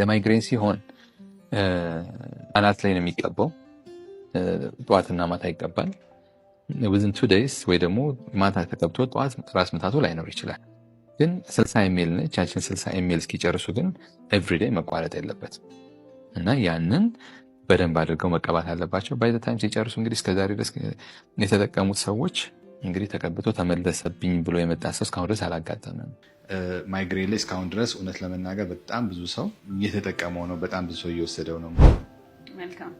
ለማይግሬን ሲሆን አናት ላይ ነው የሚቀባው። ጠዋትና ማታ ይቀባል። ዝን ቱ ደይስ ወይ ደግሞ ማታ ተቀብቶ ጠዋት ራስ ምታቱ ላይኖር ይችላል። ግን ስልሳ ኢሜል ነች። ያችን ስልሳ ኤሜል እስኪጨርሱ ግን ደይ መቋረጥ የለበት እና ያንን በደንብ አድርገው መቀባት አለባቸው። ባይዘ ታይም ሲጨርሱ እንግዲህ እስከዛሬ ድረስ የተጠቀሙት ሰዎች እንግዲህ ተቀብቶ ተመለሰብኝ ብሎ የመጣ ሰው እስካሁን ድረስ አላጋጠመም። ማይግሬን ላይ እስካሁን ድረስ እውነት ለመናገር በጣም ብዙ ሰው እየተጠቀመው ነው። በጣም ብዙ ሰው እየወሰደው ነው። መልካም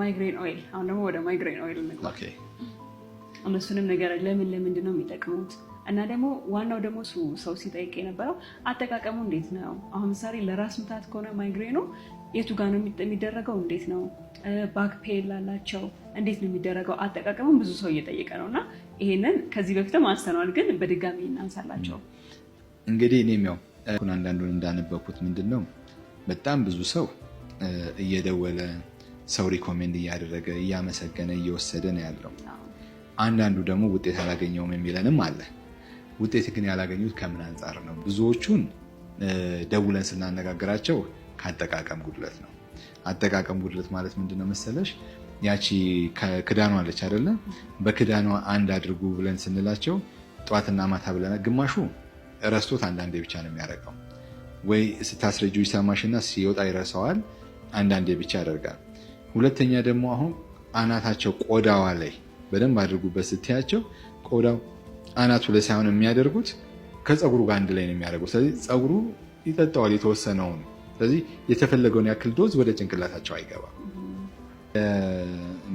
ማይግሬን ኦይል። አሁን ደግሞ ወደ ማይግሬን ኦይል እንግባ። እነሱንም ነገር ለምን ለምንድን ነው የሚጠቅሙት? እና ደግሞ ዋናው ደግሞ ሰው ሲጠይቅ የነበረው አጠቃቀሙ እንዴት ነው? አሁን ምሳሌ ለራስ ምታት ከሆነ ማይግሬኑ የቱ ጋር ነው የሚደረገው? እንዴት ነው? ባክ ፔን ላላቸው እንዴት ነው የሚደረገው? አጠቃቀሙን ብዙ ሰው እየጠየቀ ነው እና ይሄንን ከዚህ በፊትም አንስተነዋል፣ ግን በድጋሚ እናንሳላቸው። እንግዲህ እኔም ያው አንዳንዱን እንዳነበኩት ምንድን ነው በጣም ብዙ ሰው እየደወለ ሰው ሪኮሜንድ እያደረገ እያመሰገነ እየወሰደ ነው ያለው። አንዳንዱ ደግሞ ውጤት አላገኘውም የሚለንም አለ። ውጤት ግን ያላገኙት ከምን አንጻር ነው? ብዙዎቹን ደውለን ስናነጋግራቸው ከአጠቃቀም ጉድለት ነው። አጠቃቀም ጉድለት ማለት ምንድነው መሰለሽ? ያቺ ክዳኗ አለች አይደለ? በክዳኗ አንድ አድርጉ ብለን ስንላቸው ጠዋትና ማታ ብለን ግማሹ ረስቶት አንዳንዴ ብቻ ነው የሚያደርገው። ወይ ስታስረጁ ይሰማሽና ሲወጣ ይረሰዋል፣ አንዳንዴ ብቻ ያደርጋል። ሁለተኛ ደግሞ አሁን አናታቸው ቆዳዋ ላይ በደንብ አድርጉበት ስትያቸው ቆዳው አናቱ ላይ ሳይሆን የሚያደርጉት ከፀጉሩ ጋር አንድ ላይ ነው የሚያደርጉት። ስለዚህ ፀጉሩ ይጠጣዋል የተወሰነውን። ስለዚህ የተፈለገውን ያክል ዶዝ ወደ ጭንቅላታቸው አይገባም።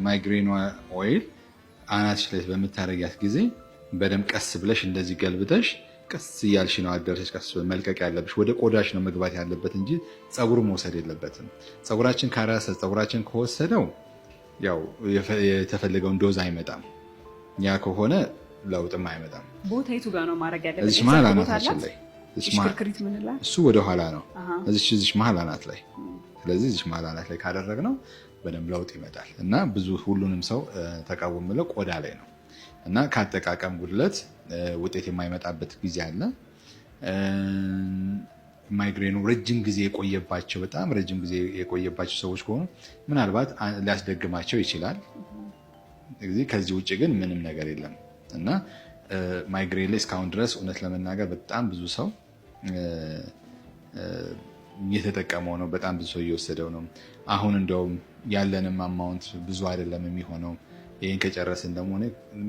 ማይግሬን ኦይል አናትሽ ላይ በምታደርጊያት ጊዜ በደንብ ቀስ ብለሽ እንደዚህ ገልብተሽ ቀስ እያልሽ ነው አደረሰች ቀስ መልቀቅ ያለብሽ። ወደ ቆዳሽ ነው መግባት ያለበት እንጂ ፀጉሩ መውሰድ የለበትም። ፀጉራችን ካራሰ ፀጉራችን ከወሰደው ያው የተፈለገውን ዶዝ አይመጣም። ያ ከሆነ ለውጥም አይመጣም። ቦታ የቱ ጋር ነው ማድረግ ያለ እዚህ መሀል አናታችን ላይ እሱ ወደኋላ ነው። እዚች እዚች መሀል አናት ላይ ስለዚህ እዚች መሀል አናት ላይ ነው በደንብ ለውጥ ይመጣል እና ብዙ ሁሉንም ሰው ተቃወም የምለው ቆዳ ላይ ነው እና ከአጠቃቀም ጉድለት ውጤት የማይመጣበት ጊዜ አለ። ማይግሬኑ ረጅም ጊዜ የቆየባቸው በጣም ረጅም ጊዜ የቆየባቸው ሰዎች ከሆኑ ምናልባት ሊያስደግማቸው ይችላል። ከዚህ ውጭ ግን ምንም ነገር የለም። እና ማይግሬን ላይ እስካሁን ድረስ እውነት ለመናገር በጣም ብዙ ሰው እየተጠቀመው ነው። በጣም ብዙ ሰው እየወሰደው ነው። አሁን እንደውም ያለንም አማውንት ብዙ አይደለም የሚሆነው። ይህን ከጨረስን ደግሞ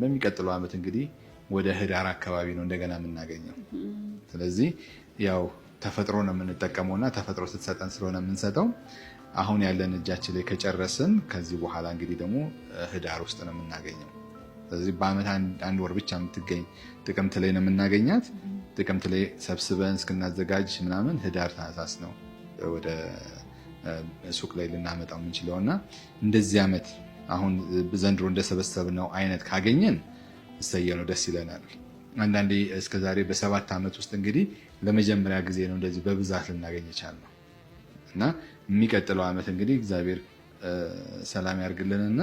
በሚቀጥለው ዓመት እንግዲህ ወደ ህዳር አካባቢ ነው እንደገና የምናገኘው። ስለዚህ ያው ተፈጥሮ ነው የምንጠቀመው እና ተፈጥሮ ስትሰጠን ስለሆነ የምንሰጠው አሁን ያለን እጃችን ላይ ከጨረስን ከዚህ በኋላ እንግዲህ ደግሞ ህዳር ውስጥ ነው የምናገኘው። በዚህ በአመት አንድ ወር ብቻ የምትገኝ ጥቅምት ላይ ነው የምናገኛት። ጥቅምት ላይ ሰብስበን እስክናዘጋጅ ምናምን ህዳር ታህሳስ ነው ወደ ሱቅ ላይ ልናመጣው የምንችለው እና እንደዚህ ዓመት አሁን ዘንድሮ እንደሰበሰብነው አይነት ካገኘን እሰየነው ደስ ይለናል። አንዳንዴ እስከዛሬ በሰባት ዓመት ውስጥ እንግዲህ ለመጀመሪያ ጊዜ ነው እንደዚህ በብዛት ልናገኝ የቻልነው እና የሚቀጥለው ዓመት እንግዲህ እግዚአብሔር ሰላም ያርግልንና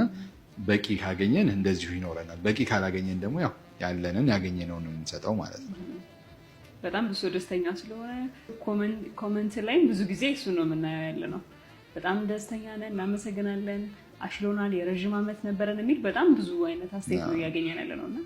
በቂ ካገኘን እንደዚሁ ይኖረናል። በቂ ካላገኘን ደግሞ ያው ያለንን ያገኘነውን የምንሰጠው ማለት ነው። በጣም ብዙ ደስተኛ ስለሆነ ኮመንት ላይም ብዙ ጊዜ እሱ ነው የምናየው ያለ ነው። በጣም ደስተኛ ነን፣ እናመሰግናለን፣ አሽሎናል፣ የረዥም ዓመት ነበረን የሚል በጣም ብዙ አይነት አስተያየት ነው እያገኘን ያለ ነው እና